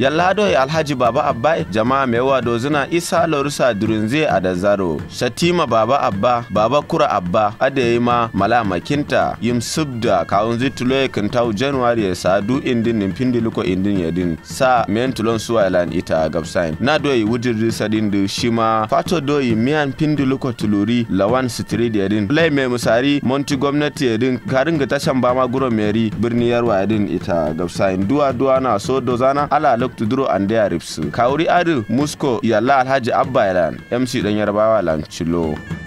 yallado do e alhaji baba abba jama'a mewa dozuna isa lorusa durunze adazaro shatima baba abba baba kura abba adeyima mala makinta yim subda kaunzi tuloye kintau january du indin nimpindi luko indin yadin sa men tulon suwailan ita gabsayin. na doyi yi wujirri sadin du shima fato do yi miyan pindi luko tuluri lawan street yadin lai mai musari monti gwamnati yadin karin gita shan bama guro meri birni yarwa yadin ita gabsayin. duwa duwa na so dozana ala dr duro andaya ripsu kawuri adu musko yalla alhaji abba mc dan Lanchilo. lancilo